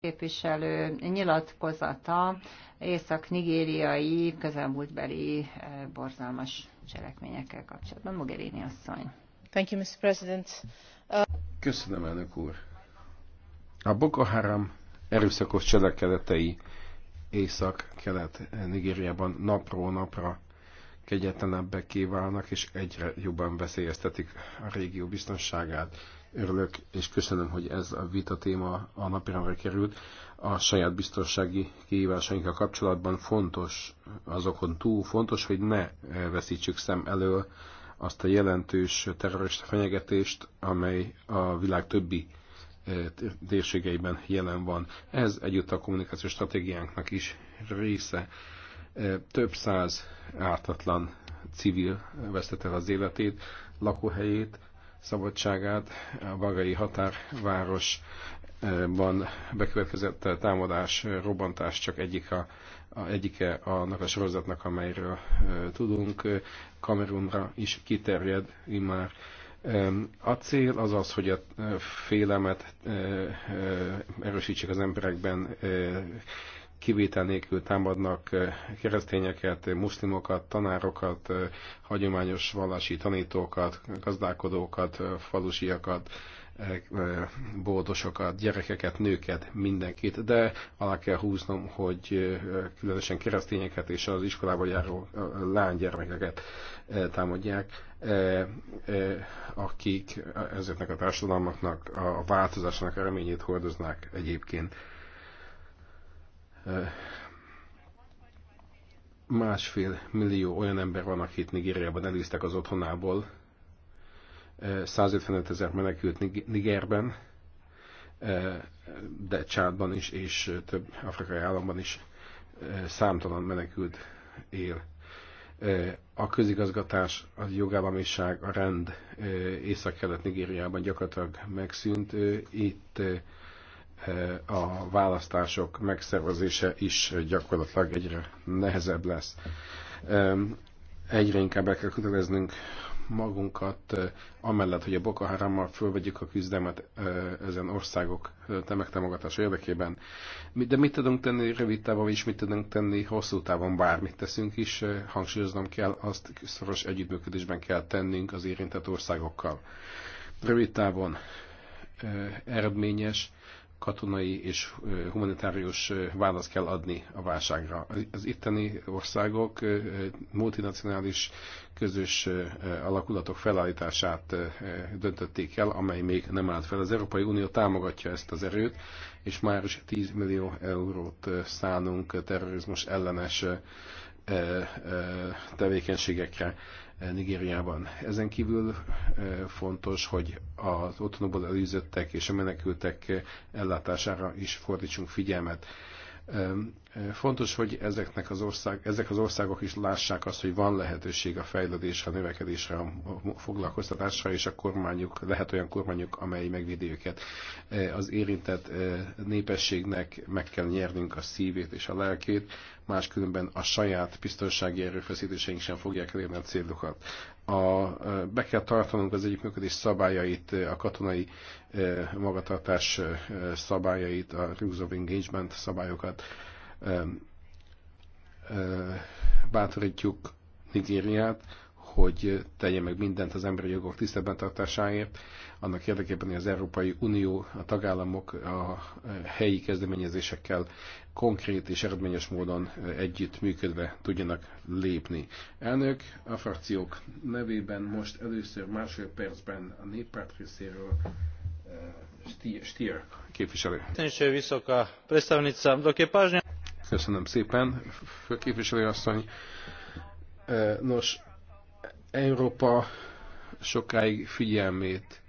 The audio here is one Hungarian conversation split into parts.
képviselő nyilatkozata észak-nigériai közelmúltbeli eh, borzalmas cselekményekkel kapcsolatban. Mogherini asszony. Thank you, Mr. President. Uh... Köszönöm, elnök úr. A Boko Haram erőszakos cselekedetei észak-kelet-nigériában napról napra kegyetlenebbek kiválnak, és egyre jobban veszélyeztetik a régió biztonságát örülök és köszönöm, hogy ez a vita téma a napirendre került. A saját biztonsági kihívásainkkal kapcsolatban fontos, azokon túl fontos, hogy ne veszítsük szem elől azt a jelentős terrorista fenyegetést, amely a világ többi eh, térségeiben jelen van. Ez együtt a kommunikációs stratégiánknak is része. Eh, több száz ártatlan civil vesztette az életét, lakóhelyét, szabadságát. A Bagai határvárosban bekövetkezett támadás, robbantás csak egyik a, a, egyike annak a sorozatnak, amelyről tudunk. Kamerunra is kiterjed immár. A cél az az, hogy a félemet erősítsék az emberekben, kivétel nélkül támadnak eh, keresztényeket, muszlimokat, tanárokat, eh, hagyományos vallási tanítókat, gazdálkodókat, eh, falusiakat, boldosokat, gyerekeket, nőket, mindenkit, de alá kell húznom, hogy különösen keresztényeket és az iskolába járó lánygyermekeket támadják, akik ezeknek a társadalmaknak a változásnak a reményét hordoznák egyébként. Másfél millió olyan ember van, akit Nigériában elűztek az otthonából, 155 ezer menekült Nigerben, de Csádban is, és több afrikai államban is számtalan menekült él. A közigazgatás, a jogállamiság, a rend észak-kelet Nigériában gyakorlatilag megszűnt. Itt Eh, a választások megszervezése is gyakorlatilag egyre nehezebb lesz. Egyre inkább el kell köteleznünk magunkat, eh, amellett, hogy a Boko Harammal fölvegyük a küzdelmet eh, ezen országok tömegtámogatása érdekében. De mit tudunk tenni rövid távon, és mit tudunk tenni hosszú távon, bármit teszünk is, hangsúlyoznom kell, azt szoros együttműködésben kell tennünk az érintett országokkal. Rövid távon eredményes, katonai és humanitárius választ kell adni a válságra. Az itteni országok multinacionális közös eh, alakulatok felállítását eh, döntötték el, amely még nem állt fel. Az Európai Unió támogatja ezt az erőt, és már is 10 millió eurót eh, szánunk terrorizmus ellenes tevékenységekre Nigériában. Ezen kívül fontos, hogy az otthonokból előzöttek és a menekültek ellátására is fordítsunk figyelmet. Fontos, hogy ezeknek az ország, ezek az országok is lássák azt, hogy van lehetőség a fejlődésre, a növekedésre, a foglalkoztatásra, és a kormányuk, lehet olyan kormányuk, amely megvédi őket. Az érintett népességnek meg kell nyernünk a szívét és a lelkét, máskülönben a saját biztonsági erőfeszítéseink sem fogják elérni a célokat. A, be kell tartanunk az együttműködés szabályait, a katonai magatartás szabályait, a Rules of Engagement szabályokat. Bátorítjuk Nigériát, hogy tegye meg mindent az emberi jogok tisztelben tartásáért, annak érdekében, hogy az Európai Unió, a tagállamok a helyi kezdeményezésekkel konkrét és eredményes módon együtt működve tudjanak lépni. Elnök, a frakciók nevében most először másfél percben a néppárt részéről eh, Stier képviselő. Köszönöm szépen, főképviselő asszony. Eh, nos, Európa sokáig figyelmét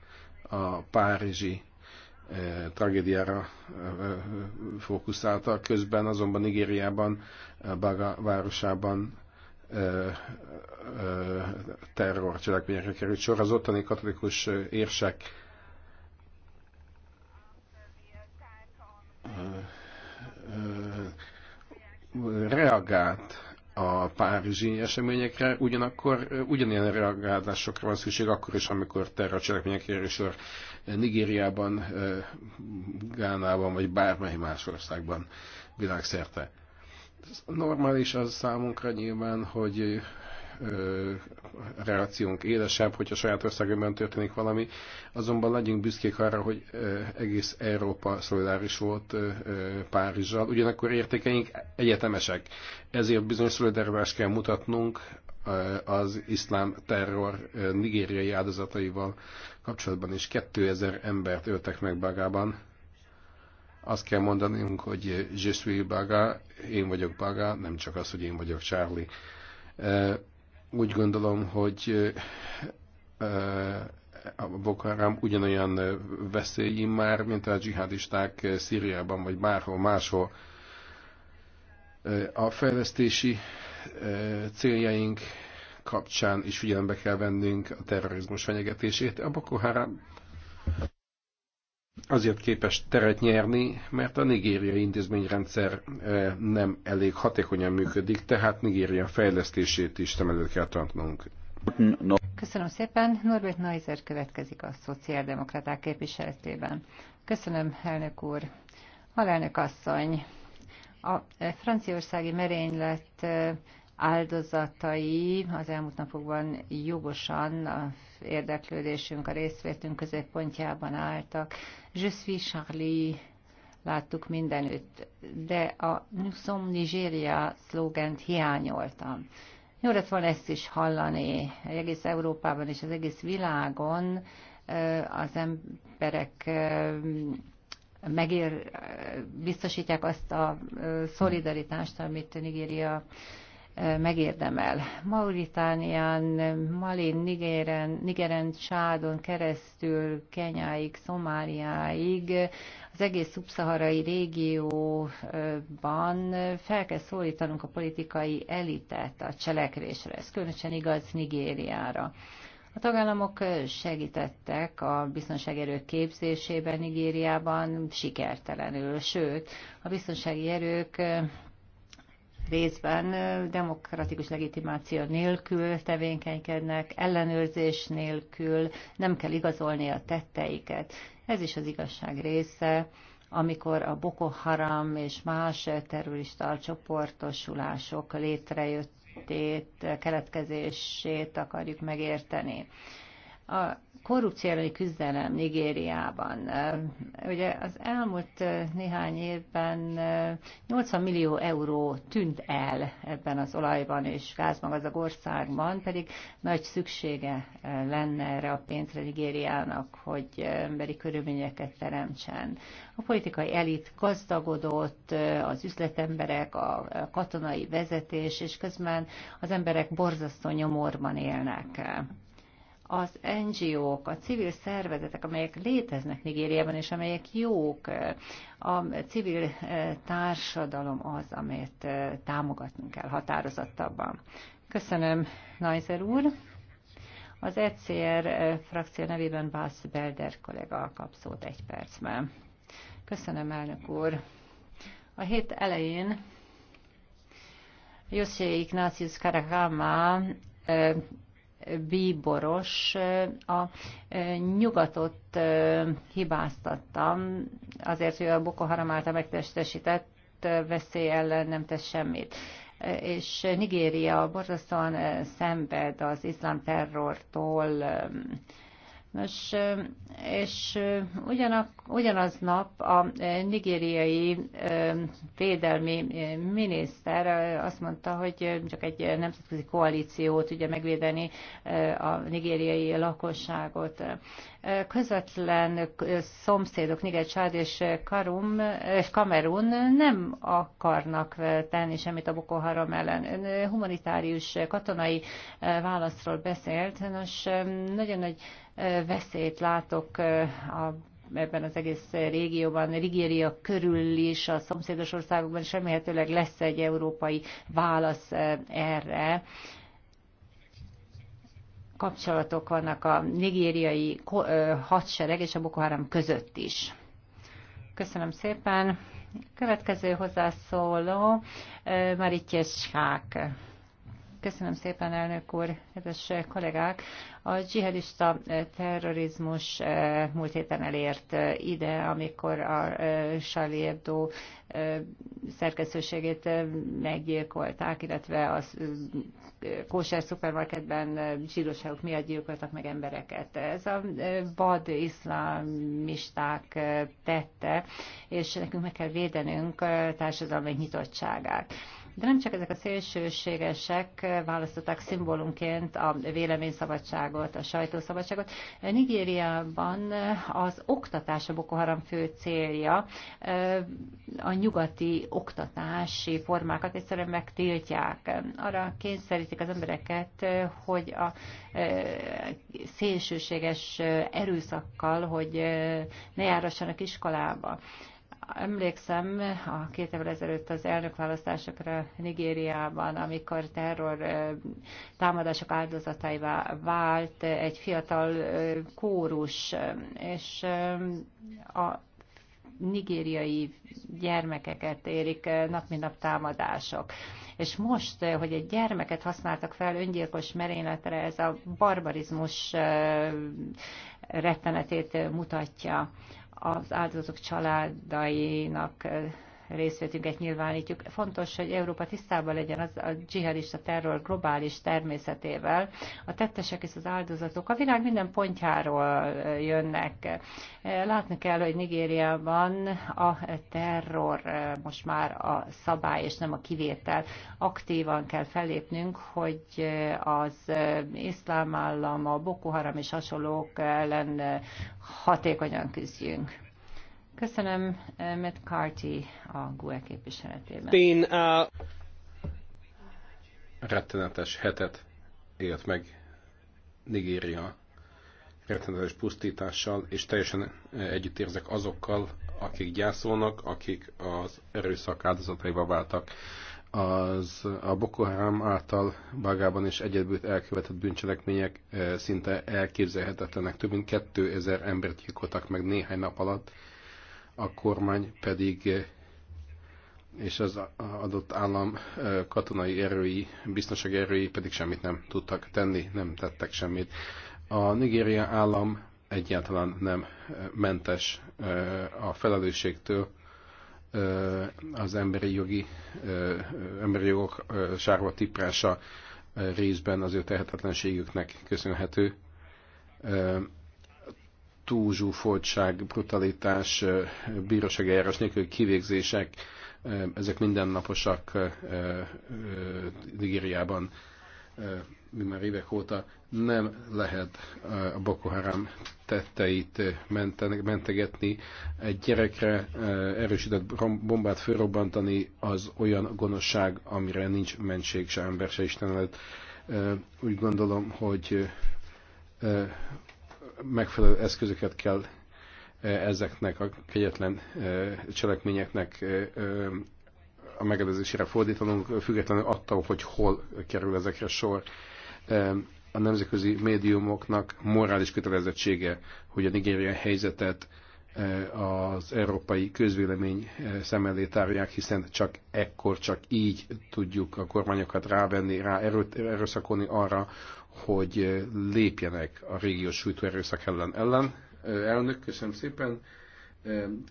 a párizsi eh, tragédiára eh, eh, fókuszálta, közben azonban Nigériában, Baga városában terrorcselekményekre került sor. Az ottani katolikus érsek reagált a párizsi eseményekre, ugyanakkor ugyanilyen reagálásokra van szükség akkor is, amikor a kerül sor Nigériában, Gánában vagy bármely más országban világszerte normális az számunkra nyilván, hogy reakciónk élesebb, hogyha saját országunkban történik valami. Azonban legyünk büszkék arra, hogy egész Európa szolidáris volt Párizsal. Ugyanakkor értékeink egyetemesek. Ezért bizonyos szolidaritást kell mutatnunk az iszlám terror nigériai áldozataival kapcsolatban is 2000 embert öltek meg Bagában. Azt kell mondanunk, hogy je suis Baga, én vagyok Baga, nem csak az, hogy én vagyok Charlie. Úgy gondolom, hogy a Boko Haram ugyanolyan veszélyi már, mint a dzsihadisták Szíriában vagy bárhol máshol. A fejlesztési céljaink kapcsán is figyelembe kell vennünk a terrorizmus fenyegetését. A Boko Haram azért képes teret nyerni, mert a nigériai intézményrendszer eh, nem elég hatékonyan működik, tehát Nigéria fejlesztését is szem előtt kell tartanunk. Köszönöm szépen. Norbert Neiser következik a szociáldemokraták képviseletében. Köszönöm, elnök úr. Alelnök asszony, a eh, franciaországi merénylet eh, áldozatai az elmúlt napokban jogosan a érdeklődésünk, a részvétünk középpontjában álltak. Je suis Charlie láttuk mindenütt, de a Nous sommes Nigeria szlogent hiányoltam. Jó lett volna ezt is hallani, egész Európában és az egész világon az emberek megér, biztosítják azt a szolidaritást, amit Nigéria megérdemel. Mauritánián, Malin, Nigeren, Nigeren, Sádon keresztül, Kenyáig, Szomáliáig, az egész szubszaharai régióban fel kell szólítanunk a politikai elitet a cselekvésre. Ez különösen igaz Nigériára. A tagállamok segítettek a biztonsági erők képzésében Nigériában sikertelenül, sőt, a biztonsági erők részben demokratikus legitimáció nélkül tevékenykednek, ellenőrzés nélkül, nem kell igazolni a tetteiket. Ez is az igazság része, amikor a Boko Haram és más terrorista csoportosulások létrejöttét, keletkezését akarjuk megérteni. A korrupció küzdelem Nigériában. Ugye az elmúlt néhány évben 80 millió euró tűnt el ebben az olajban és gázban a országban, pedig nagy szüksége lenne erre a pénzre Nigériának, hogy emberi körülményeket teremtsen. A politikai elit gazdagodott, az üzletemberek, a katonai vezetés, és közben az emberek borzasztó nyomorban élnek az NGO-k, a civil szervezetek, amelyek léteznek Nigériában, és amelyek jók, a civil eh, társadalom az, amelyet eh, támogatnunk kell határozottabban. Köszönöm, Najzer úr. Az ECR eh, frakció nevében Bász Belder kollega kap szót egy percben. Köszönöm, elnök úr. A hét elején José Ignácius Caracama bíboros, a e, nyugatot e, hibáztattam azért, hogy a Boko Haram által megtestesített veszély ellen nem tesz semmit e, és Nigéria borzasztóan szenved az iszlám terrortól, Nos, és ugyanak, ugyanaznap a nigériai védelmi miniszter azt mondta, hogy csak egy nemzetközi koalíciót tudja megvédeni a nigériai lakosságot. Közvetlen szomszédok Niger, Csád és Karum, és Kamerun nem akarnak tenni semmit a Boko Haram ellen. Ön humanitárius katonai válaszról beszélt. Nos, nagyon nagy veszélyt látok a ebben az egész régióban, Rigéria körül is, a szomszédos országokban is remélhetőleg lesz egy európai válasz erre kapcsolatok vannak a nigériai hadsereg és a Boko Haram között is. Köszönöm szépen. Következő hozzászóló Maritjes Skák. Köszönöm szépen, elnök úr, kedves kollégák! A dzsihadista terrorizmus eh, múlt héten elért eh, ide, amikor a eh, Charlie Hebdo szerkesztőségét meggyilkolták, illetve a kóser szupermarketben zsíróságok miatt gyilkoltak meg embereket. Ez a vad iszlámisták tette, és nekünk meg kell védenünk társadalmi nyitottságát. De nem csak ezek a szélsőségesek választották szimbólumként a véleményszabadságot, a sajtószabadságot. Nigériában az oktatás a Boko Haram fő célja, a nyugati oktatási formákat egyszerűen megtiltják. Arra kényszerítik az embereket, hogy a e, szélsőséges erőszakkal, hogy e, ne járassanak iskolába. Emlékszem a két évvel ezelőtt az elnökválasztásokra Nigériában, amikor terror támadások áldozataivá vált egy fiatal kórus, és a nigériai gyermekeket érik nap mint nap támadások. És most, hogy egy gyermeket használtak fel öngyilkos merényletre, ez a barbarizmus rettenetét mutatja az áldozatok családainak részvétünket nyilvánítjuk. Fontos, hogy Európa tisztában legyen az a dzsihadista terror globális természetével. A tettesek és az áldozatok a világ minden pontjáról jönnek. Látni kell, hogy Nigériában a terror most már a szabály és nem a kivétel. Aktívan kell fellépnünk, hogy az iszlám állam, a Boko Haram és hasonlók ellen hatékonyan küzdjünk. Köszönöm eh, Matt Carty a GUE képviseletében. Been, uh... Rettenetes hetet élt meg Nigéria rettenetes pusztítással, és teljesen eh, együttérzek azokkal, akik gyászolnak, akik az erőszak áldozataiba váltak. Az a Boko Haram által Bagában és egyedül elkövetett bűncselekmények eh, szinte elképzelhetetlenek. Több mint 2000 embert gyilkoltak meg néhány nap alatt, a kormány pedig és az adott állam katonai erői, biztonsági erői pedig semmit nem tudtak tenni, nem tettek semmit. A Nigéria állam egyáltalán nem mentes a felelősségtől az emberi jogi emberi jogok sárva tiprása részben az ő tehetetlenségüknek köszönhető túlzsúfoltság, brutalitás, bírósági eljárás nélkül kivégzések, ezek mindennaposak Nigériában, mi már évek óta nem lehet a Boko Haram tetteit mentegetni. Egy gyerekre erősített bombát fölrobbantani az olyan gonoszság, amire nincs mentség, se ember, se Úgy gondolom, hogy megfelelő eszközöket kell eh, ezeknek a kegyetlen eh, cselekményeknek eh, a megelőzésére fordítanunk, függetlenül attól, hogy hol kerül ezekre sor. A nemzetközi médiumoknak morális kötelezettsége, hogy a nigériai helyzetet az európai közvélemény szem elé tárják, hiszen csak ekkor, csak így tudjuk a kormányokat rávenni, rá erőszakolni arra, hogy lépjenek a régiós sújtó erőszak ellen ellen. Elnök, köszönöm szépen.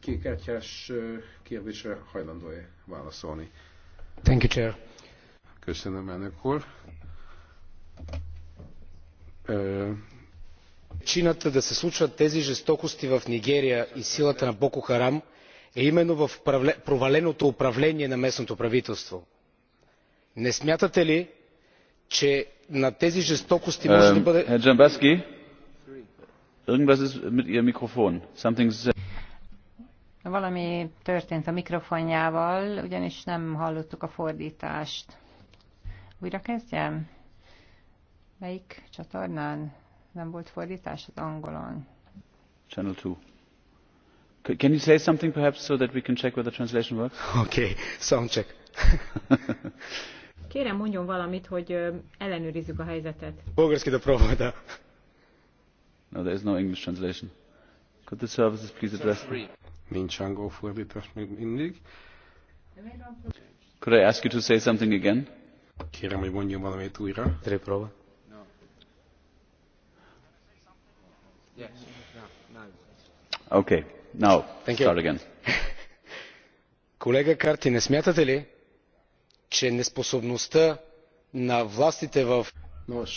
Kékártyás kérdésre hajlandó-e válaszolni? Thank you, Chair. Köszönöm, elnök úr. Причината да се случват тези жестокости в Нигерия и силата на Боко Харам е именно в проваленото управление на местното правителство. Не смятате ли, че на тези жестокости може да бъде... Herr irgendwas ist mit Ihrem Mikrofon. Valami történt a mikrofonjával, ugyanis nem hallottuk a fordítást. Újra kezdjem? Melyik csatornán? Nem volt fordítás az angolon. Channel 2. Can you say something perhaps so that we can check whether the translation works? Okay, sound check. Kérem, mondjon valamit, hogy ellenőrizzük a helyzetet. Bogorszki, do provoda. No, there is no English translation. Could the services please address me? Nincs angol fordítás még mindig. Could I ask you to say something again? Kérem, hogy mondjon valamit újra. Reprova. próba. Yes. No. Okay. Now, Thank start you. again. Колега Карти, не смятате че неспособността на властите в... Nos,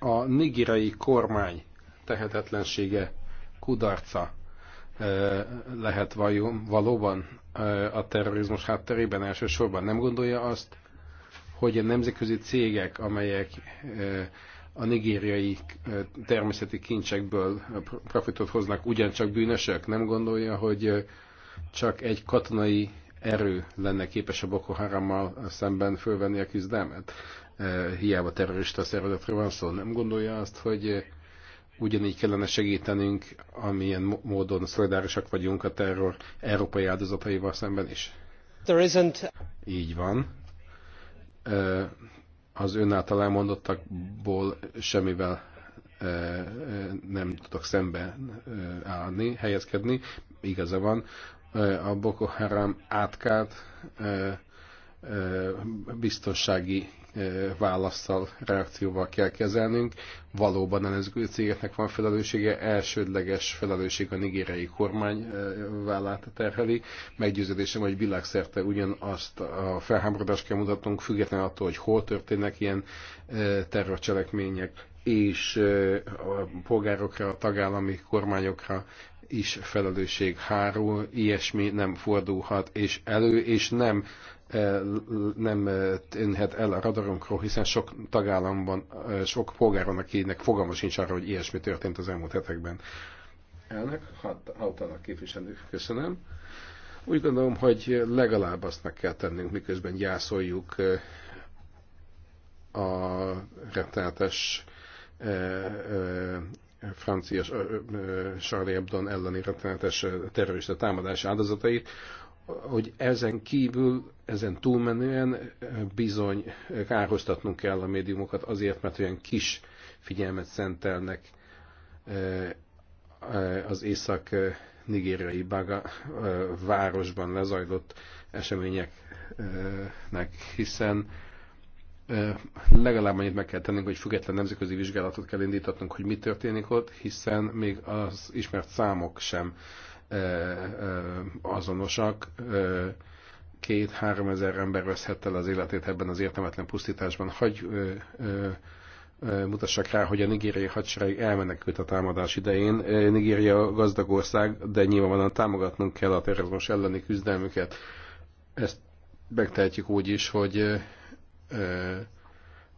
a nigériai kormány tehetetlensége, кударца, eh, lehet vajon, valóban eh, a terrorizmus hátterében elsősorban. Nem gondolja azt, hogy a nemzetközi cégek, amelyek eh, a nigériai természeti kincsekből profitot hoznak, ugyancsak bűnösök? Nem gondolja, hogy csak egy katonai erő lenne képes a Boko Harammal szemben fölvenni a küzdelmet. Eh, hiába terrorista szervezetről van szó. Nem gondolja azt, hogy eh, ugyanígy kellene segítenünk, amilyen módon szolidárisak vagyunk a terror európai áldozataival szemben is. There isn't... Így van. Eh, az ön által elmondottakból semmivel nem tudok szembe állni, helyezkedni. Igaza van, a Boko Haram átkát biztonsági válaszsal, reakcióval kell kezelnünk. Valóban a cégeknek van felelőssége, elsődleges felelősség a nigériai kormány vállát terheli. Meggyőződésem, hogy világszerte ugyanazt a felháborodást kell mutatnunk, függetlenül attól, hogy hol történnek ilyen terrorcselekmények, és a polgárokra, a tagállami kormányokra is felelősség hárul, ilyesmi nem fordulhat és elő, és nem eh, nem eh, tűnhet el a radarunkról, hiszen sok tagállamban, eh, sok polgár van, akinek fogalma sincs arra, hogy ilyesmi történt az elmúlt hetekben. Elnök, hatalak képviselők, köszönöm. Úgy gondolom, hogy legalább azt meg kell tennünk, miközben gyászoljuk a rettenetes francia Charlie Hebdo elleni rettenetes terrorista támadás áldozatait, hogy ezen kívül, ezen túlmenően bizony kárhoztatnunk kell a médiumokat azért, mert olyan kis figyelmet szentelnek az észak nigériai Baga városban lezajlott eseményeknek, hiszen legalább annyit meg kell tennünk, hogy független nemzetközi vizsgálatot kell indítatnunk, hogy mi történik ott, hiszen még az ismert számok sem azonosak. Két-három ezer ember veszhette el az életét ebben az értelmetlen pusztításban. Hagy mutassak rá, hogy a nigériai hadsereg elmenekült a támadás idején. Nigéria gazdag ország, de nyilvánvalóan támogatnunk kell a terrorizmus elleni küzdelmüket. Ezt megtehetjük úgy is, hogy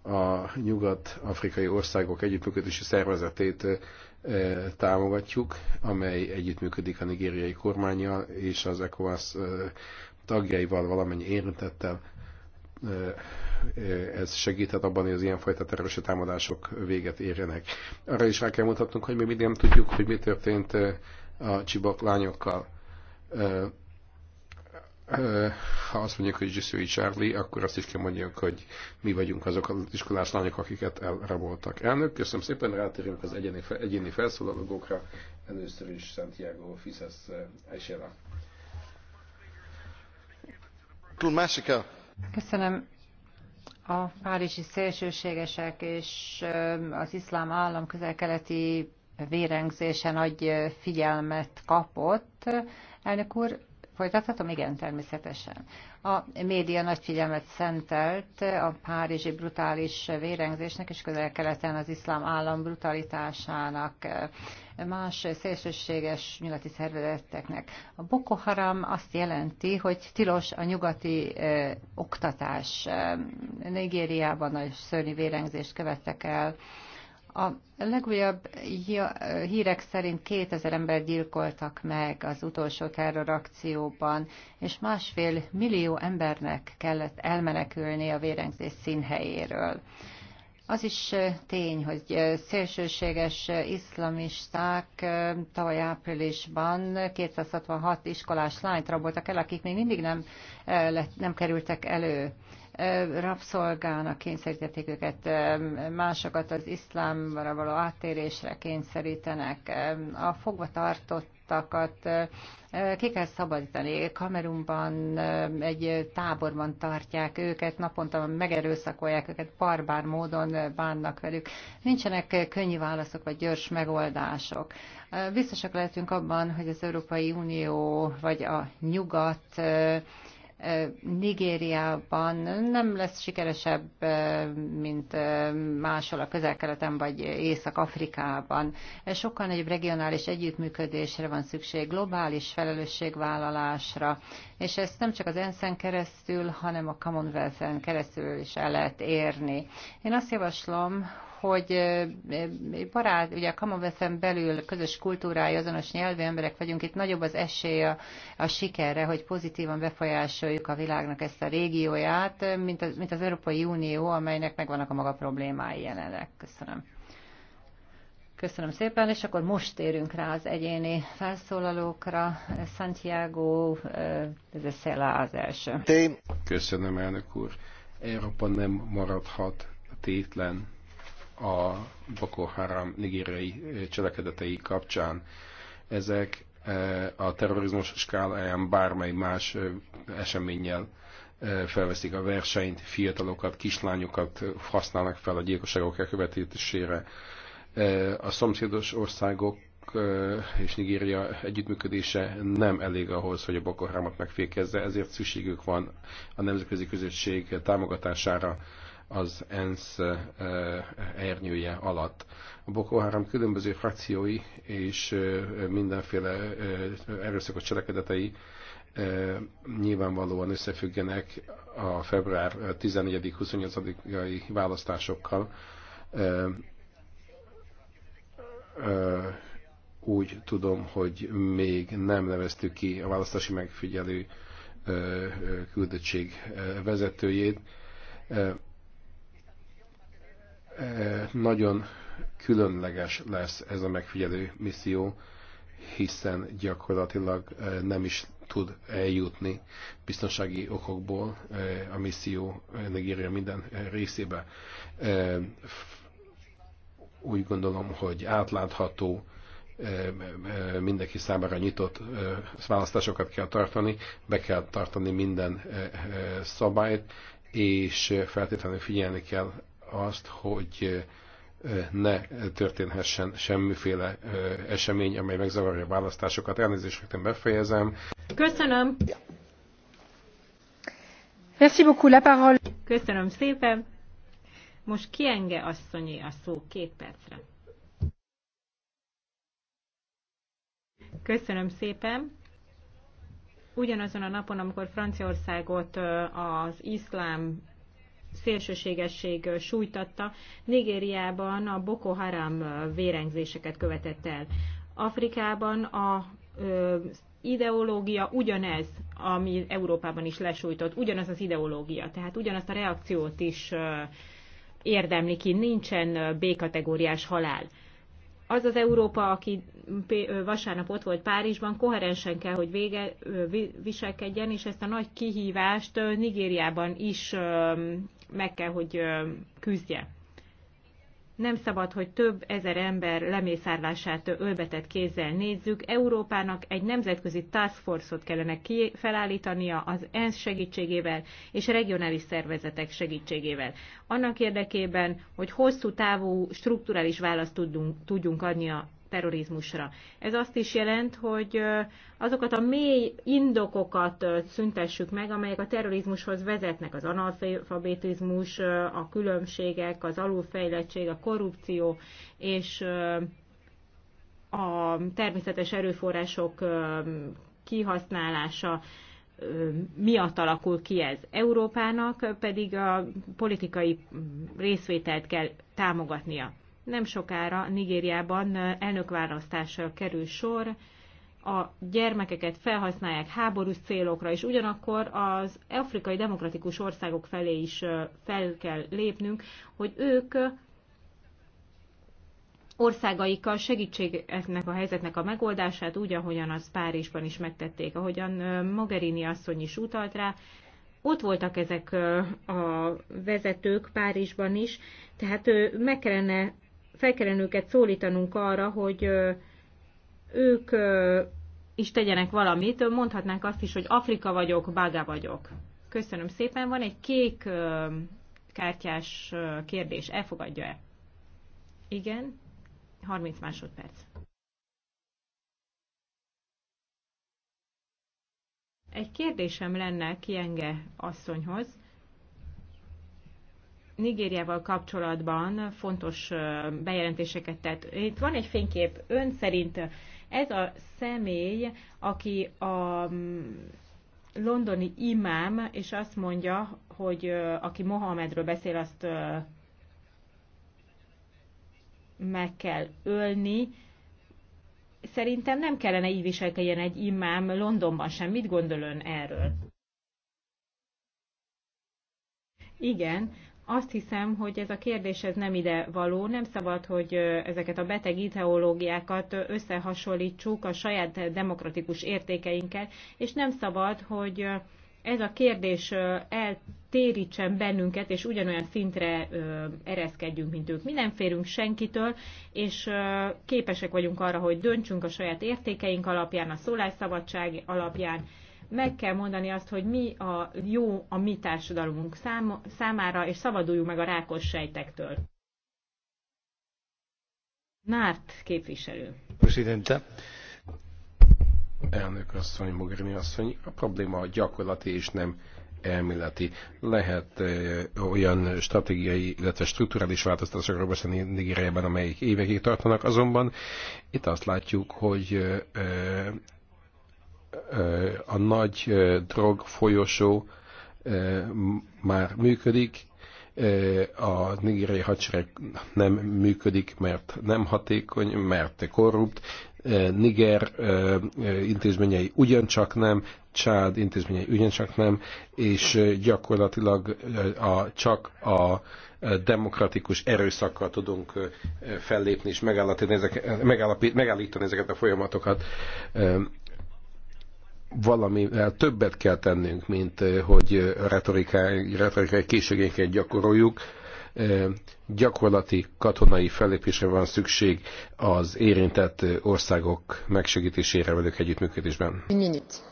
a nyugat-afrikai országok együttműködési szervezetét támogatjuk, amely együttműködik a nigériai kormányjal és az ECOWAS tagjaival, valamennyi érintettel. Ez segíthet abban, hogy az ilyenfajta terrorista támadások véget érjenek. Arra is rá kell mutatnunk, hogy mi mindig nem tudjuk, hogy mi történt a csibak lányokkal ha azt mondjuk, hogy Zsiszői Charlie, akkor azt is kell mondjuk, hogy mi vagyunk azok az iskolás lányok, akiket elraboltak. Elnök, köszönöm szépen, rátérünk az egyéni, egyéni felszólalókra. Először is Santiago Fises Eisela. Eh, köszönöm. A párizsi szélsőségesek és eh, az iszlám állam közel-keleti vérengzése nagy eh, figyelmet kapott. Elnök úr, Folytathatom? Igen, természetesen. A média nagy figyelmet szentelt a párizsi brutális vérengzésnek és közel-keleten az iszlám állam brutalitásának más szélsőséges nyugati szervezeteknek. A Boko Haram azt jelenti, hogy tilos a nyugati ö, oktatás. Nigériában nagy szörnyű vérengzést követtek el, a legújabb hírek szerint 2000 ember gyilkoltak meg az utolsó terrorakcióban, és másfél millió embernek kellett elmenekülni a vérengzés színhelyéről. Az is tény, hogy szélsőséges iszlamisták tavaly áprilisban 266 iskolás lányt raboltak el, akik még mindig nem, nem kerültek elő rabszolgának kényszerítették őket, másokat az iszlámra való áttérésre kényszerítenek. A fogvatartottakat ki kell szabadítani. Kamerunban egy táborban tartják őket, naponta megerőszakolják őket, barbár módon bánnak velük. Nincsenek könnyű válaszok vagy gyors megoldások. Biztosak lehetünk abban, hogy az Európai Unió vagy a nyugat Nigériában nem lesz sikeresebb, mint máshol a közel-keleten vagy Észak-Afrikában. Sokkal nagyobb regionális együttműködésre van szükség, globális felelősségvállalásra, és ezt nem csak az ENSZ-en keresztül, hanem a Commonwealth-en keresztül is el lehet érni. Én azt javaslom, hogy barát, ugye a Commonwealth-en belül közös kultúrája, azonos nyelvű emberek vagyunk, itt nagyobb az esély a, a sikerre, hogy pozitívan befolyásoljuk a világnak ezt a régióját, mint az, mint az Európai Unió, amelynek megvannak a maga problémái jelenleg. Köszönöm. Köszönöm szépen, és akkor most térünk rá az egyéni felszólalókra. Santiago ez a Szela az első. Köszönöm, elnök úr. Európa nem maradhat tétlen a Boko Haram nigériai eh, cselekedetei kapcsán. Ezek eh, a terrorizmus skáláján bármely más eh, eseménnyel felveszik a versenyt, fiatalokat, kislányokat használnak fel a gyilkosságok elkövetésére. A szomszédos országok és Nigéria együttműködése nem elég ahhoz, hogy a Boko Haramot megfékezze, ezért szükségük van a nemzetközi közösség támogatására az ENSZ eh, eh, ernyője alatt. A Boko Haram különböző frakciói és eh, mindenféle erőszakos cselekedetei nyilvánvalóan összefüggenek a február 14-28-ai választásokkal úgy tudom, hogy még nem neveztük ki a választási megfigyelő küldöttség vezetőjét. Nagyon különleges lesz ez a megfigyelő misszió, hiszen gyakorlatilag nem is tud eljutni biztonsági okokból a misszió Nigéria minden részébe. Úgy gondolom, hogy átlátható, mindenki számára nyitott választásokat kell tartani, be kell tartani minden szabályt, és feltétlenül figyelni kell azt, hogy ne történhessen semmiféle esemény, amely megzavarja a választásokat. Elnézést, rögtön befejezem. Köszönöm. Merci beaucoup, la parole. Köszönöm szépen. Most kienge asszonyi a szó két percre. Köszönöm szépen. Ugyanazon a napon, amikor Franciaországot az iszlám szélsőségesség sújtatta. Nigériában a Boko Haram vérengzéseket követett el. Afrikában a ö, ideológia ugyanez, ami Európában is lesújtott, ugyanaz az ideológia, tehát ugyanazt a reakciót is ö, érdemli ki, nincsen B-kategóriás halál. Az az Európa, aki vasárnap ott volt Párizsban, koherensen kell, hogy vége, viselkedjen, és ezt a nagy kihívást Nigériában is meg kell, hogy küzdje. Nem szabad, hogy több ezer ember lemészárlását ölbetett kézzel nézzük. Európának egy nemzetközi task force-ot kellene felállítania az ENSZ segítségével és regionális szervezetek segítségével. Annak érdekében, hogy hosszú távú strukturális választ tudjunk, tudjunk adni a terrorizmusra. Ez azt is jelent, hogy azokat a mély indokokat szüntessük meg, amelyek a terrorizmushoz vezetnek, az analfabetizmus, a különbségek, az alulfejlettség, a korrupció és a természetes erőforrások kihasználása miatt alakul ki ez. Európának pedig a politikai részvételt kell támogatnia. Nem sokára Nigériában elnökválasztásra kerül sor, a gyermekeket felhasználják háborús célokra, és ugyanakkor az afrikai demokratikus országok felé is fel kell lépnünk, hogy ők országaikkal segítség ennek a helyzetnek a megoldását, úgy, ahogyan az Párizsban is megtették, ahogyan Mogherini asszony is utalt rá. Ott voltak ezek a vezetők Párizsban is, tehát meg kellene fel kellene őket szólítanunk arra, hogy ők is tegyenek valamit. Mondhatnánk azt is, hogy Afrika vagyok, Baga vagyok. Köszönöm szépen. Van egy kék kártyás kérdés. Elfogadja-e? Igen. 30 másodperc. Egy kérdésem lenne Kienge asszonyhoz. Nigériával kapcsolatban fontos bejelentéseket tett. Itt van egy fénykép, ön szerint ez a személy, aki a mm, londoni imám, és azt mondja, hogy aki Mohamedről beszél, azt meg kell ölni. Szerintem nem kellene így viselkedjen egy imám Londonban sem. Mit gondol ön erről? Igen, azt hiszem, hogy ez a kérdés ez nem ide való. Nem szabad, hogy ezeket a beteg ideológiákat összehasonlítsuk a saját demokratikus értékeinkkel, és nem szabad, hogy ez a kérdés eltérítsen bennünket, és ugyanolyan szintre ereszkedjünk, mint ők. Mi nem férünk senkitől, és képesek vagyunk arra, hogy döntsünk a saját értékeink alapján, a szólásszabadság alapján, meg kell mondani azt, hogy mi a jó a mi társadalmunk szám, számára, és szabaduljunk meg a rákos sejtektől. Nárt képviselő. Presidente. Elnök asszony, Mogherini asszony, a probléma a gyakorlati és nem elméleti. Lehet e, olyan stratégiai, illetve strukturális változtatásokról beszélni Nigériában, amelyik évekig tartanak, azonban itt azt látjuk, hogy e, a nagy drog folyosó már működik, a nigériai hadsereg nem működik, mert nem hatékony, mert korrupt, Niger intézményei ugyancsak nem, Csád intézményei ugyancsak nem, és gyakorlatilag a, csak a demokratikus erőszakkal tudunk fellépni és megállapítani ezeket, megállapít, megállítani ezeket a folyamatokat valamivel eh, többet kell tennünk, mint eh, hogy eh, retorikai, retorikai gyakoroljuk. Gyakorlati katonai fellépésre van szükség az érintett országok megsegítésére velük együttműködésben. Minit.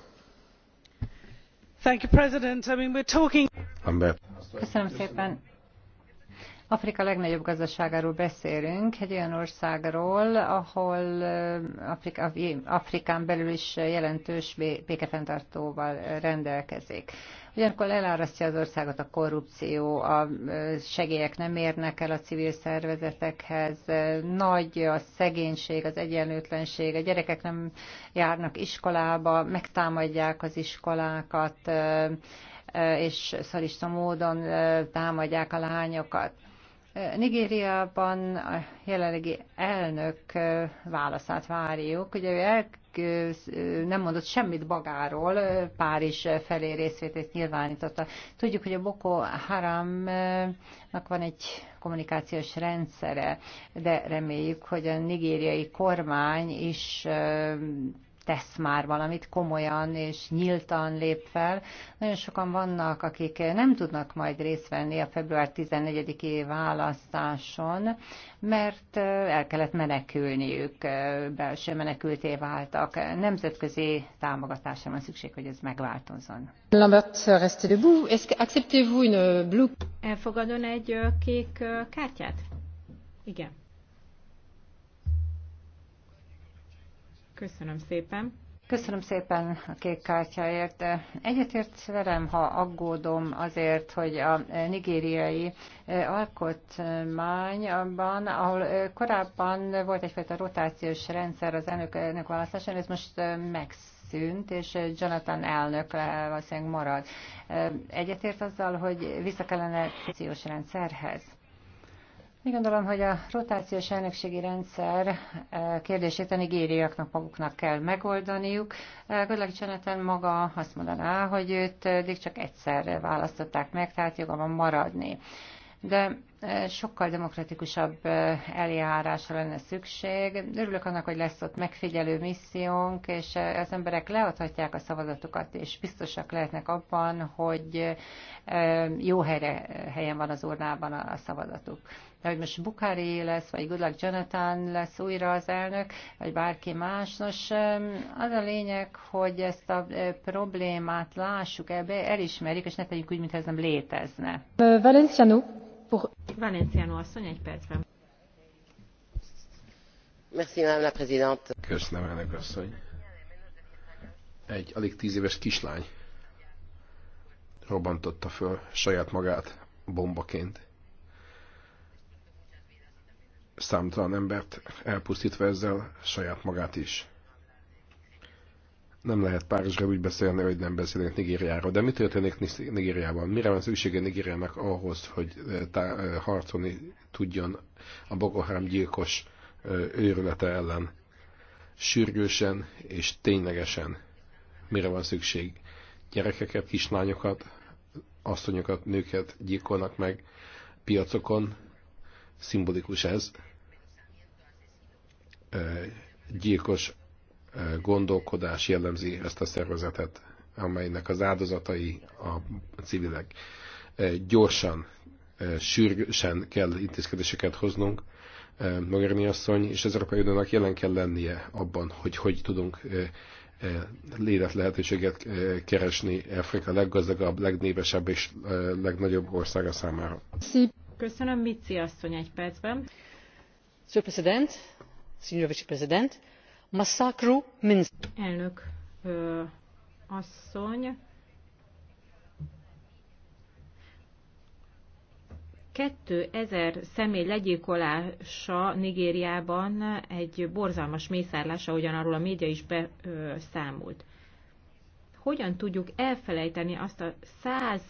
Köszönöm szépen Afrika legnagyobb gazdaságáról beszélünk, egy olyan országról, ahol Afrika, Afrikán belül is jelentős békefenntartóval rendelkezik. Ugyanakkor elárasztja az országot a korrupció, a segélyek nem érnek el a civil szervezetekhez, nagy a szegénység, az egyenlőtlenség, a gyerekek nem járnak iskolába, megtámadják az iskolákat, és szarista módon támadják a lányokat. Nigériában a jelenlegi elnök válaszát várjuk. Ugye ő el, nem mondott semmit bagáról, Párizs felé részvétét nyilvánította. Tudjuk, hogy a Boko Haramnak van egy kommunikációs rendszere, de reméljük, hogy a nigériai kormány is tesz már valamit komolyan és nyíltan lép fel. Nagyon sokan vannak, akik nem tudnak majd részt venni a február 14-i választáson, mert el kellett menekülniük, belső menekülté váltak. Nemzetközi támogatásra van szükség, hogy ez megváltozzon. Lambert, restez debout. Est-ce acceptez-vous une blue... Elfogadon egy kék kártyát? Igen. Köszönöm szépen. Köszönöm szépen a kék kártyáért. Egyetért velem, ha aggódom azért, hogy a nigériai alkotmányban, ahol korábban volt egyfajta rotációs rendszer az elnök, elnök választáson, ez most megszűnt, és Jonathan elnök valószínűleg marad. Egyetért azzal, hogy vissza kellene a rendszerhez. Én gondolom, hogy a rotációs elnökségi rendszer eh, kérdését a nigériaknak maguknak kell megoldaniuk. Eh, Goodluck Jonathan maga azt mondaná, hogy őt eddig csak egyszer választották meg, tehát joga van maradni. De eh, sokkal demokratikusabb eljárásra lenne szükség. Örülök annak, hogy lesz ott megfigyelő missziónk, és az emberek leadhatják a szavazatukat, és biztosak lehetnek abban, hogy jó helyre, helyen van az urnában a szavazatuk de hogy most Bukhari lesz, vagy Goodluck Jonathan lesz újra az elnök, vagy bárki más. Nos, az a lényeg, hogy ezt a e, problémát lássuk ebbe, elismerjük, és ne tegyük úgy, mintha ez nem létezne. Valenciano. Valenciano asszony, egy percben. Merci, Madame la Présidente. Köszönöm, elnök asszony. Egy alig tíz éves kislány robbantotta föl saját magát bombaként számtalan embert elpusztítva ezzel saját magát is. Nem lehet Párizsra úgy beszélni, hogy nem beszélnék Nigériáról. De mi történik Nigériában? Mire van szüksége Nigériának ahhoz, hogy eh, tá- eh, harcolni tudjon a Haram gyilkos eh, őrülete ellen? Sürgősen és ténylegesen. Mire van szükség? Gyerekeket, kislányokat, asszonyokat, nőket gyilkolnak meg piacokon, szimbolikus ez, gyilkos gondolkodás jellemzi ezt a szervezetet, amelynek az áldozatai a civilek. Gyorsan, sürgősen kell intézkedéseket hoznunk, Mogherini asszony, és az Európai Uniónak jelen kell lennie abban, hogy hogy tudunk lélet lehetőséget keresni Afrika leggazdagabb, legnépesebb és legnagyobb országa számára. Szép. Köszönöm, Mici asszony egy percben. Sir President, Senior Vice President, Massacru Minsk. Elnök ö, asszony, 2000 személy legyilkolása Nigériában egy borzalmas mészárlás, ahogyan arról a média is beszámolt hogyan tudjuk elfelejteni azt a száz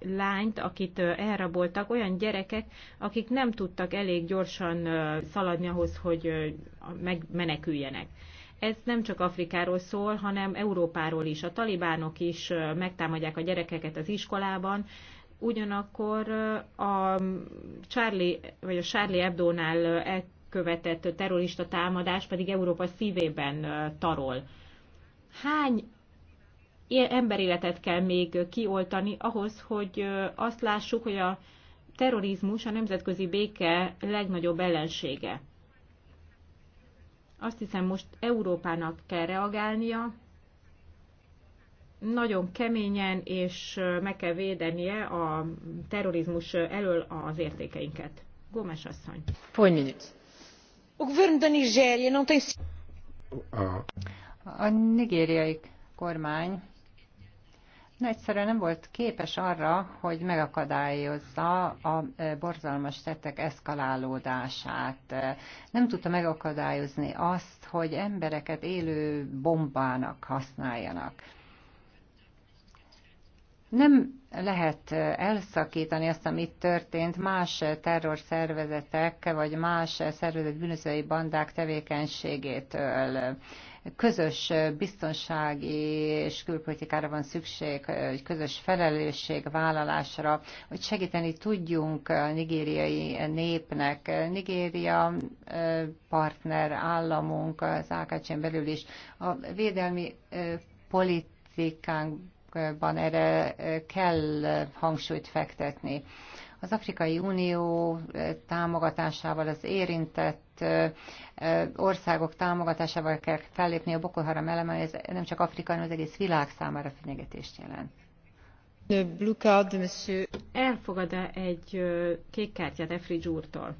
lányt, akit elraboltak, olyan gyerekek, akik nem tudtak elég gyorsan szaladni ahhoz, hogy megmeneküljenek. Ez nem csak Afrikáról szól, hanem Európáról is. A talibánok is megtámadják a gyerekeket az iskolában, ugyanakkor a Charlie, vagy a Charlie Hebdo-nál elkövetett terrorista támadás pedig Európa szívében tarol. Hány emberéletet kell még kioltani ahhoz, hogy azt lássuk, hogy a terrorizmus a nemzetközi béke legnagyobb ellensége. Azt hiszem, most Európának kell reagálnia, nagyon keményen, és meg kell védenie a terrorizmus elől az értékeinket. Gómez asszony. A nigériai kormány egyszerűen nem volt képes arra, hogy megakadályozza a e, borzalmas tettek eszkalálódását. Nem tudta megakadályozni azt, hogy embereket élő bombának használjanak. Nem lehet elszakítani azt, amit történt más terrorszervezetek vagy más szervezet bűnözői bandák tevékenységétől közös biztonsági és külpolitikára van szükség, egy közös felelősség vállalásra, hogy segíteni tudjunk a nigériai népnek. Nigéria partner államunk az akc belül is. A védelmi politikánk erre kell hangsúlyt fektetni. Az Afrikai Unió támogatásával, az érintett országok támogatásával kell fellépni a Boko Haram eleme, ez nem csak Afrika, hanem az egész világ számára fenyegetést jelent. Elfogad-e egy kék kártyát Efridge úrtól?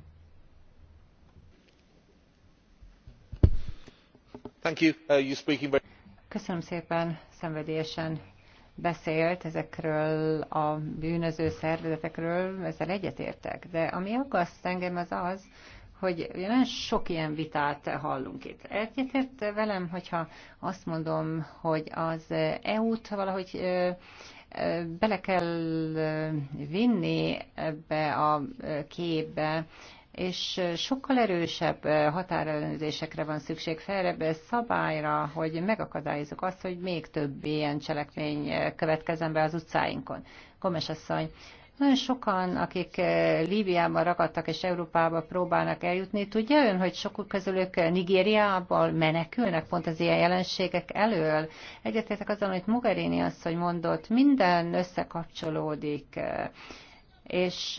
Thank you. Uh, speaking... Köszönöm szépen, szenvedélyesen beszélt ezekről a bűnöző szervezetekről, ezzel egyetértek. De ami aggaszt engem az az, hogy nagyon sok ilyen vitát hallunk itt. Egyetért velem, hogyha azt mondom, hogy az EU-t valahogy bele kell vinni ebbe a képbe, és sokkal erősebb határellenőrzésekre van szükség, felrebb szabályra, hogy megakadályozzuk azt, hogy még több ilyen cselekmény következzen be az utcáinkon. Gomes asszony, nagyon sokan, akik Líbiában ragadtak és Európába próbálnak eljutni, tudja ön, hogy sokuk közülük Nigériából menekülnek pont az ilyen jelenségek elől? Egyetértek azon, hogy Mogherini asszony mondott, minden összekapcsolódik és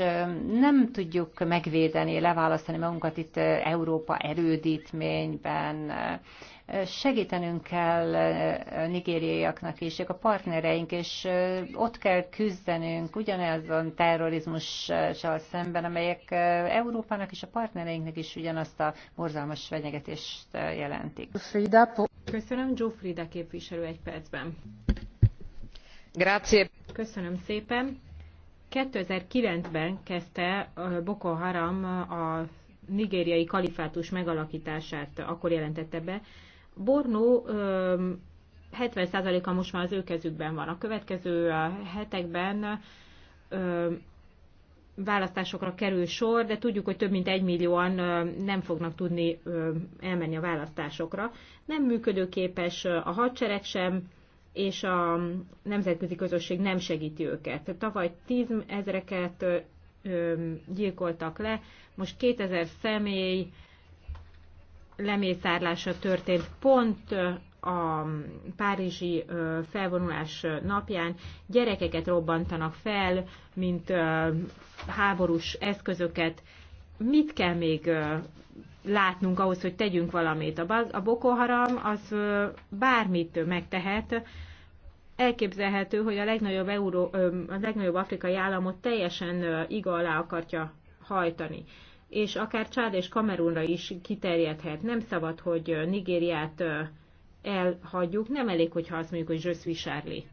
nem tudjuk megvédeni, leválasztani magunkat itt Európa erődítményben. Segítenünk kell nigériaiaknak is, ők a partnereink, és ott kell küzdenünk ugyanazon terrorizmussal szemben, amelyek Európának és a partnereinknek is ugyanazt a borzalmas fenyegetést jelentik. Köszönöm, Joe Frida képviselő egy percben. Grazie. Köszönöm szépen 2009-ben kezdte Boko Haram a nigériai kalifátus megalakítását, akkor jelentette be. Borno 70%-a most már az ő kezükben van. A következő hetekben választásokra kerül sor, de tudjuk, hogy több mint egymillióan nem fognak tudni elmenni a választásokra. Nem működőképes a hadsereg sem, és a nemzetközi közösség nem segíti őket. Tavaly tíz ezreket gyilkoltak le, most 2000 személy lemészárlása történt pont a párizsi felvonulás napján. Gyerekeket robbantanak fel, mint háborús eszközöket, mit kell még látnunk ahhoz, hogy tegyünk valamit. A Boko Haram az bármit megtehet, elképzelhető, hogy a legnagyobb, Euró, a legnagyobb afrikai államot teljesen iga alá akartja hajtani és akár Csád és Kamerunra is kiterjedhet. Nem szabad, hogy Nigériát elhagyjuk, nem elég, hogyha azt mondjuk, hogy Zsöszvisárli.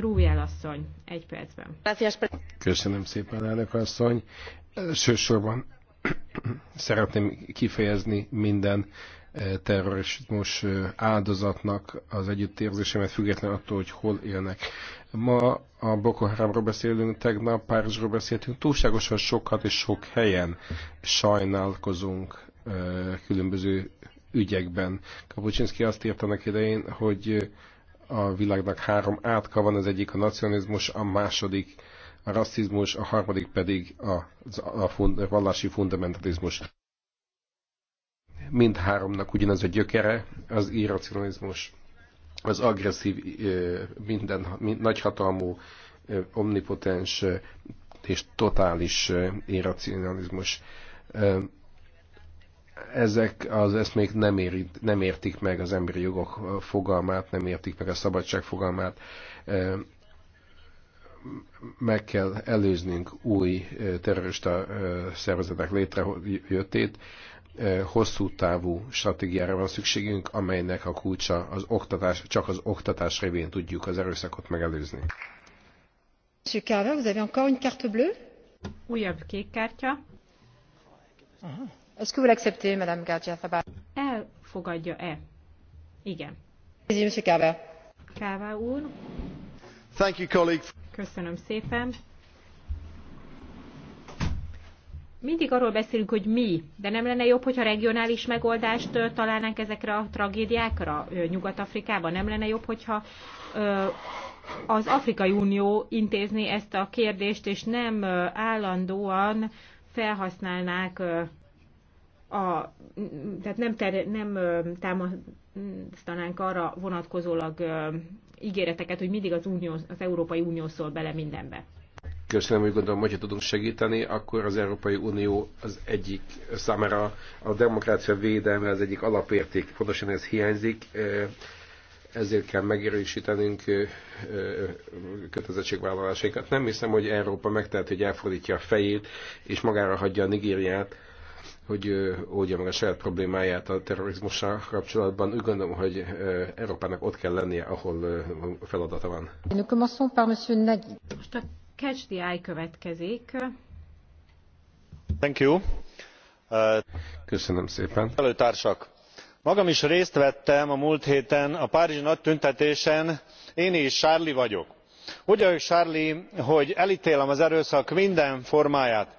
Rújel asszony, egy percben. Köszönöm szépen, elnök asszony. Elsősorban szeretném kifejezni minden eh, terrorizmus eh, áldozatnak az együttérzésemet, független attól, hogy hol élnek. Ma a Boko Haramról beszélünk, tegnap Párizsról beszéltünk, túlságosan sokat és sok helyen sajnálkozunk eh, különböző ügyekben. Kapucsinszki azt írta idején, hogy a világnak három átka van, az egyik a nacionalizmus, a második a rasszizmus, a harmadik pedig a, a, fund, a vallási fundamentalizmus. Mindháromnak ugyanaz a gyökere, az irracionalizmus, az agresszív, minden, mind, nagyhatalmú, omnipotens és totális irracionalizmus ezek az még nem, éri, nem értik meg az emberi jogok fogalmát, nem értik meg a szabadság fogalmát. Meg kell előznünk új terrorista szervezetek létrejöttét, hosszú távú stratégiára van szükségünk, amelynek a kulcsa az oktatás, csak az oktatás révén tudjuk az erőszakot megelőzni. Monsieur Carver, vous avez encore une carte bleue? Újabb kék kártya. Aha. Elfogadja-e? Igen. Kává úr. Thank you, Köszönöm szépen. Mindig arról beszélünk, hogy mi, de nem lenne jobb, hogyha regionális megoldást találnánk ezekre a tragédiákra Nyugat-Afrikában? Nem lenne jobb, hogyha az Afrikai Unió intézné ezt a kérdést, és nem állandóan felhasználnák a, tehát nem, ter, nem támasztanánk arra vonatkozólag ígéreteket, hogy mindig az, unió, az Európai Unió szól bele mindenbe. Köszönöm, hogy gondolom, hogyha tudunk segíteni, akkor az Európai Unió az egyik számára a demokrácia védelme az egyik alapérték. Pontosan ez hiányzik, ezért kell megerősítenünk kötelezettségvállalásokat. Nem hiszem, hogy Európa megtehet, hogy elfordítja a fejét, és magára hagyja a Nigériát, hogy oldja meg a saját problémáját a terrorizmussal kapcsolatban. Úgy gondolom, hogy Európának ott kell lennie, ahol feladata van. Most a Catch the Eye következik. Thank you. Uh, Köszönöm szépen. Előtársak, magam is részt vettem a múlt héten a párizsi nagy tüntetésen. Én is Sárli vagyok. Úgy vagyok, Sárli, hogy elítélem az erőszak minden formáját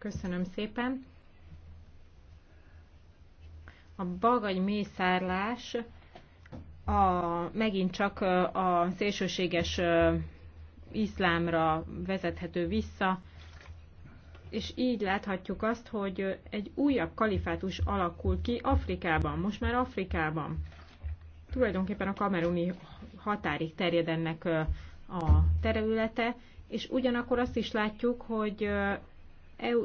Köszönöm szépen. A bagagy mészárlás a, megint csak a szélsőséges iszlámra vezethető vissza, és így láthatjuk azt, hogy egy újabb kalifátus alakul ki Afrikában, most már Afrikában. Tulajdonképpen a kameruni határig terjed ennek a területe, és ugyanakkor azt is látjuk, hogy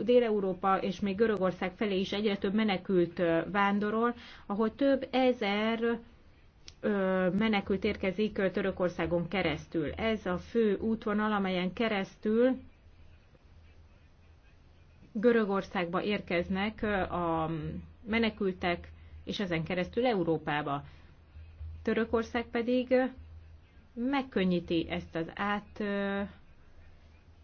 Dél-Európa és még Görögország felé is egyre több menekült vándorol, ahol több ezer menekült érkezik Törökországon keresztül. Ez a fő útvonal, amelyen keresztül Görögországba érkeznek a menekültek, és ezen keresztül Európába. Törökország pedig megkönnyíti ezt az át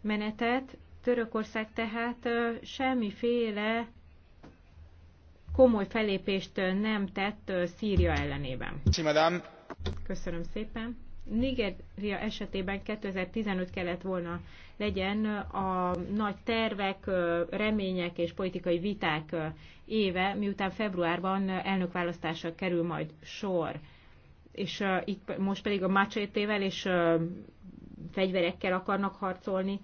menetet. Törökország tehát semmiféle komoly felépést nem tett Szíria ellenében. Köszönöm szépen. Nigeria esetében 2015 kellett volna legyen a nagy tervek, remények és politikai viták éve, miután februárban elnökválasztásra kerül majd sor. És itt most pedig a macsétével és fegyverekkel akarnak harcolni.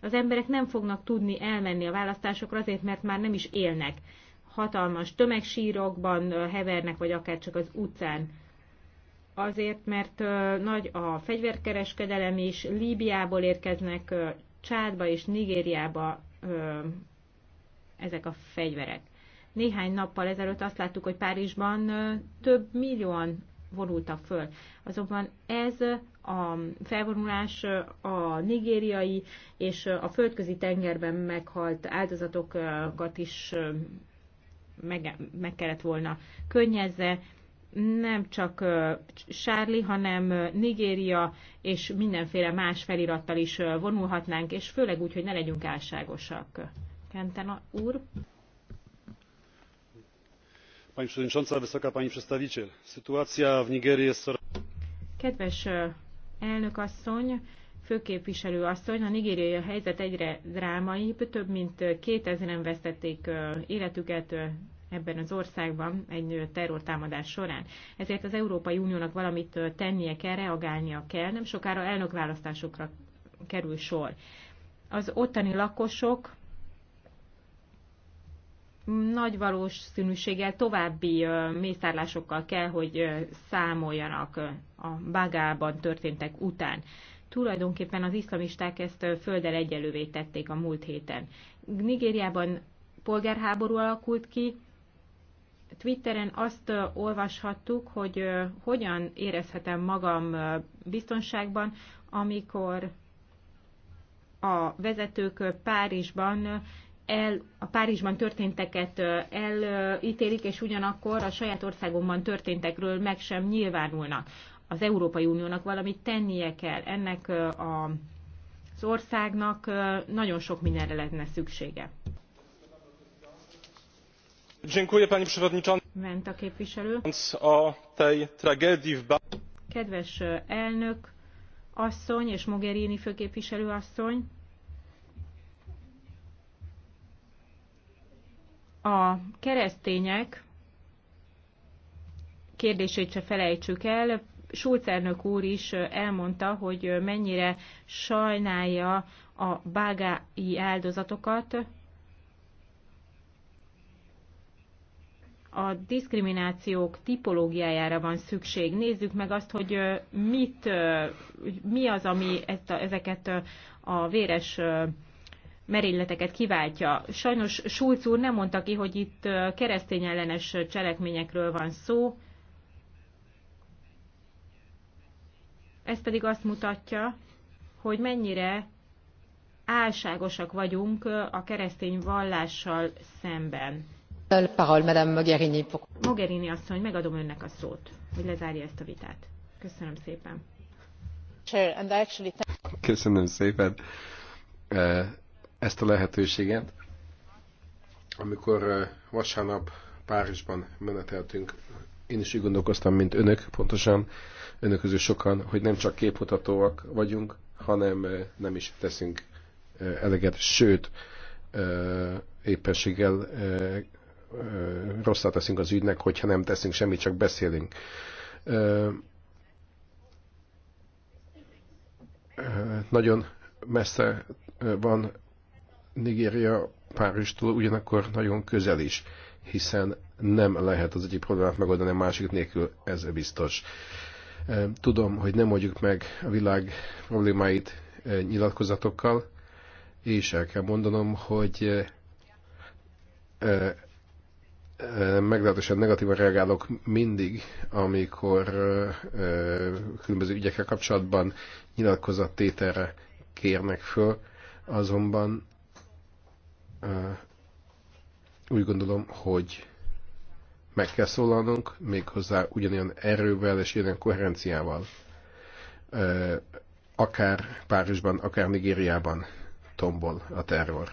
Az emberek nem fognak tudni elmenni a választásokra azért, mert már nem is élnek. Hatalmas tömegsírokban hevernek, vagy akár csak az utcán. Azért, mert nagy a fegyverkereskedelem is, Líbiából érkeznek Csádba és Nigériába ezek a fegyverek. Néhány nappal ezelőtt azt láttuk, hogy Párizsban több millióan vonultak föl. Azonban ez a felvonulás a nigériai és a földközi tengerben meghalt áldozatokat is meg, meg kellett volna könnyezze. Nem csak Sárli, hanem Nigéria és mindenféle más felirattal is vonulhatnánk, és főleg úgy, hogy ne legyünk álságosak. Kenten úr. Pani Przewodnicząca, Wysoka Pani Przedstawiciel! Sytuacja w Nigerii jest coraz... Kedves elnök asszony, főképviselő asszony, a nigériai helyzet egyre drámaibb, több mint 2000-en vesztették életüket ebben az országban egy terrortámadás során. Ezért az Európai Uniónak valamit tennie kell, reagálnia kell, nem sokára elnökválasztásokra kerül sor. Az ottani lakosok nagy valószínűséggel további mészárlásokkal kell, hogy számoljanak a bagában történtek után. Tulajdonképpen az iszlamisták ezt földdel egyelővé tették a múlt héten. Nigériában polgárháború alakult ki, Twitteren azt olvashattuk, hogy hogyan érezhetem magam biztonságban, amikor a vezetők Párizsban el, a Párizsban történteket elítélik, és ugyanakkor a saját országomban történtekről meg sem nyilvánulnak. Az Európai Uniónak valamit tennie kell. Ennek a, az országnak nagyon sok mindenre lenne szüksége. Ment A képviselő. Kedves elnök asszony és Mogherini főképviselő asszony, a keresztények kérdését se felejtsük el. Sulcernök úr is elmondta, hogy mennyire sajnálja a bágái áldozatokat, a diszkriminációk tipológiájára van szükség. Nézzük meg azt, hogy mit, mi az, ami ezt a, ezeket a véres merényleteket kiváltja. Sajnos Schulz úr nem mondta ki, hogy itt keresztény ellenes cselekményekről van szó. Ez pedig azt mutatja, hogy mennyire álságosak vagyunk a keresztény vallással szemben. Madame Mogherini. Mogherini asszony, megadom önnek a szót, hogy lezárja ezt a vitát. Köszönöm szépen. Köszönöm szépen eh, ezt a lehetőséget. Amikor vasárnap Párizsban meneteltünk, én is úgy gondolkoztam, mint önök, pontosan önök közül sokan, hogy nem csak képmutatóak vagyunk, hanem nem is teszünk eleget, sőt, éppenséggel rosszat teszünk az ügynek, hogyha nem teszünk semmit, csak beszélünk. Nagyon messze van Nigéria Párizstól ugyanakkor nagyon közel is, hiszen nem lehet az egyik problémát megoldani a másik nélkül, ez biztos. Tudom, hogy nem oldjuk meg a világ problémáit nyilatkozatokkal, és el kell mondanom, hogy meglehetősen negatívan reagálok mindig, amikor különböző ügyekkel kapcsolatban nyilatkozattételre kérnek föl, azonban úgy gondolom, hogy meg kell szólalnunk, méghozzá ugyanilyen erővel és ilyen koherenciával, akár Párizsban, akár Nigériában tombol a terror.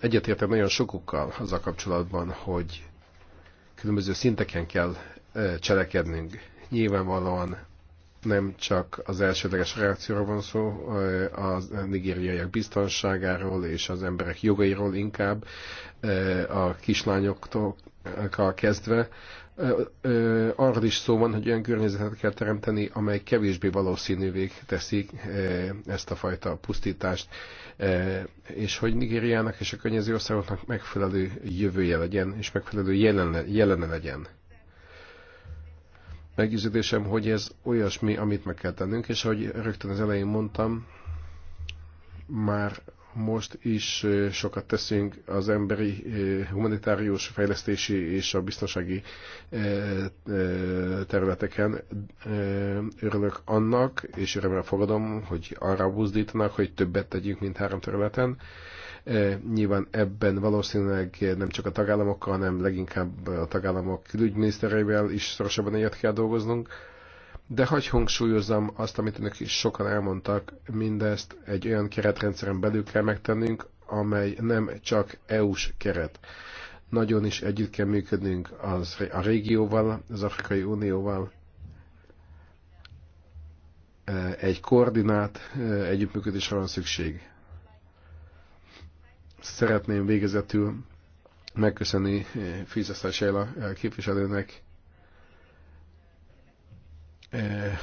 Egyetértek nagyon sokukkal az a kapcsolatban, hogy különböző szinteken kell cselekednünk. Nyilvánvalóan nem csak az elsődleges reakcióra van szó, a nigériaiak biztonságáról és az emberek jogairól inkább, a kislányoktól kezdve. Arról is szó van, hogy olyan környezetet kell teremteni, amely kevésbé valószínűvé teszik ezt a fajta pusztítást, és hogy Nigériának és a környező országoknak megfelelő jövője legyen, és megfelelő jelene, jelene legyen Meggyőződésem, hogy ez olyasmi, amit meg kell tennünk, és ahogy rögtön az elején mondtam, már most is sokat teszünk az emberi, humanitárius fejlesztési és a biztonsági területeken. Örülök annak, és örömmel fogadom, hogy arra buzdítanak, hogy többet tegyünk, mint három területen. E, nyilván ebben valószínűleg nem csak a tagállamokkal, hanem leginkább a tagállamok külügyminisztereivel is szorosabban egyet kell dolgoznunk. De hagy hangsúlyozzam azt, amit önök is sokan elmondtak, mindezt egy olyan keretrendszeren belül kell megtennünk, amely nem csak EU-s keret. Nagyon is együtt kell működnünk az, a régióval, az Afrikai Unióval, e, egy koordinát e, együttműködésre van szükség. Szeretném végezetül megköszönni eh, Fizasztás Ejla eh, képviselőnek, eh,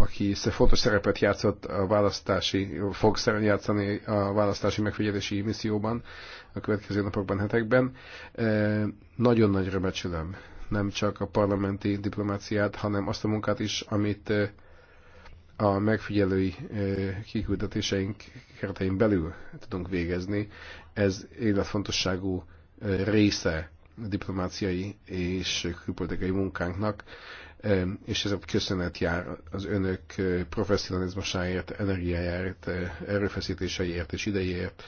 aki fontos szerepet játszott a választási, fog szerepet játszani a választási megfigyelési misszióban a következő napokban, hetekben. Nagyon nagyra becsülöm nem csak a parlamenti diplomáciát, hanem azt a munkát is, amit a megfigyelői e, kiküldetéseink keretein belül tudunk végezni. Ez életfontosságú e, része a diplomáciai és külpolitikai munkánknak, e, és ezért köszönet jár az önök professzionalizmusáért, energiájáért, erőfeszítéseiért és idejéért.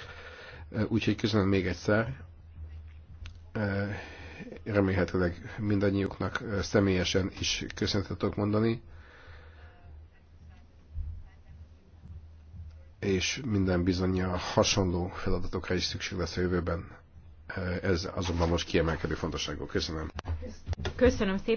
Úgyhogy köszönöm még egyszer. Remélhetőleg mindannyiuknak személyesen is köszönetet tudok mondani. és minden bizony a hasonló feladatokra is szükség lesz a jövőben. Ez azonban most kiemelkedő fontosságú. Köszönöm. Köszönöm szépen.